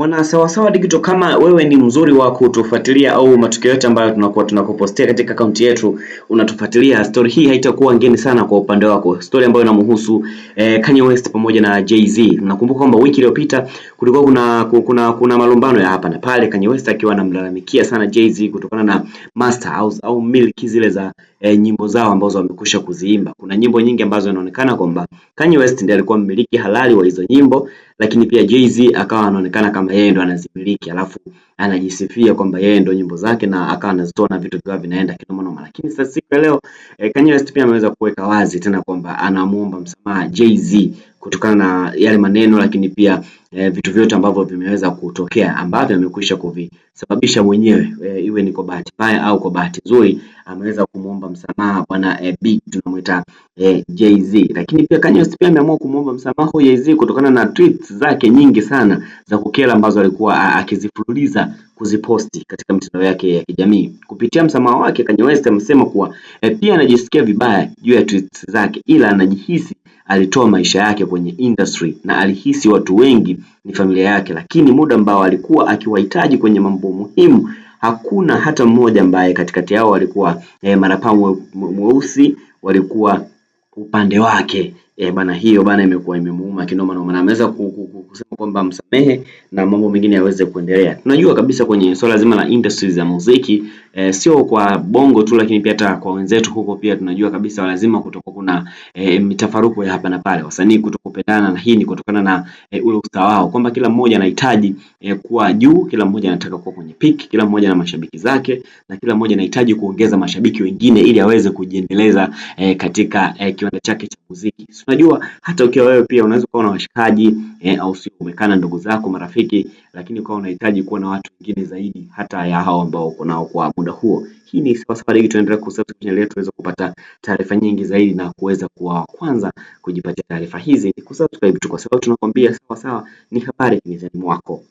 Mwana Sawasawa Digital, kama wewe ni mzuri wa kutufuatilia au matukio yote ambayo tunakuwa tunakupostia katika akaunti yetu unatufuatilia, stori hii haitakuwa ngeni sana kwa upande wako, stori ambayo inamhusu eh, Kanye West pamoja na Jay-Z. Nakumbuka kwamba wiki iliyopita kulikuwa kuna, kuna, kuna malumbano ya hapa na pale, Kanye West akiwa anamlalamikia sana Jay-Z kutokana na master house au miliki zile za eh, nyimbo zao ambazo wamekusha kuziimba. Kuna nyimbo nyingi ambazo inaonekana kwamba Kanye West ndiye alikuwa mmiliki halali wa hizo nyimbo lakini pia Jay-Z akawa anaonekana kama yeye ndo anazimiliki, alafu anajisifia kwamba yeye ndo nyimbo zake na akawa anazitoa na vitu vikawa vinaenda kinoma noma. Lakini sasa siku ya leo eh, Kanye West pia ameweza kuweka wazi tena kwamba anamuomba msamaha Jay-Z kutokana na yale maneno, lakini pia e, vitu vyote ambavyo vimeweza kutokea ambavyo amekwisha kuvisababisha mwenyewe e, iwe ni kwa bahati mbaya au kwa bahati nzuri, ameweza kumuomba msamaha bwana e, eh, Big tunamwita e, Jay-Z. Lakini pia Kanye West pia ameamua kumuomba msamaha huyo Jay-Z kutokana na tweets zake nyingi sana za kukera ambazo alikuwa akizifululiza kuziposti katika mitandao yake ya kijamii. Kupitia msamaha wake, Kanye West amesema kuwa e, pia anajisikia vibaya juu ya tweets zake, ila anajihisi Alitoa maisha yake kwenye industry na alihisi watu wengi ni familia yake, lakini muda ambao alikuwa akiwahitaji kwenye mambo muhimu, hakuna hata mmoja ambaye katikati yao walikuwa eh, marapa mweusi walikuwa upande wake eh, bana. Hiyo bana imekuwa imemuuma kinoma noma, na ameweza kusema kwamba msamehe na mambo mengine yaweze kuendelea. Tunajua kabisa kwenye swala zima la industry za muziki e, sio kwa bongo tu, lakini pia hata kwa wenzetu huko pia tunajua kabisa lazima kutoka kuna e, mitafaruku ya hapa na pale, wasanii kutokupendana, na hii ni kutokana na e, ule usawa wao kwamba kila mmoja anahitaji e, kuwa juu, kila mmoja anataka kuwa kwenye peak, kila mmoja na mashabiki zake, na kila mmoja anahitaji kuongeza mashabiki wengine ili aweze kujiendeleza e, katika e, kiwanda chake cha muziki. Tunajua hata ukiwa wewe pia unaweza kuwa na washikaji e, au umekana ndugu zako, marafiki, lakini ukawa unahitaji kuwa na watu wengine zaidi hata ya hao ambao uko nao kwa muda huo. Hii ni Sawasawa Daily, tunaendelea kusubscribe channel yetu tuweze kupata taarifa nyingi zaidi na kuweza kuwa kwanza kujipatia taarifa hizi. Ni kusubscribe tu, kwa sababu tunakwambia sawasawa ni habari mezani mwako.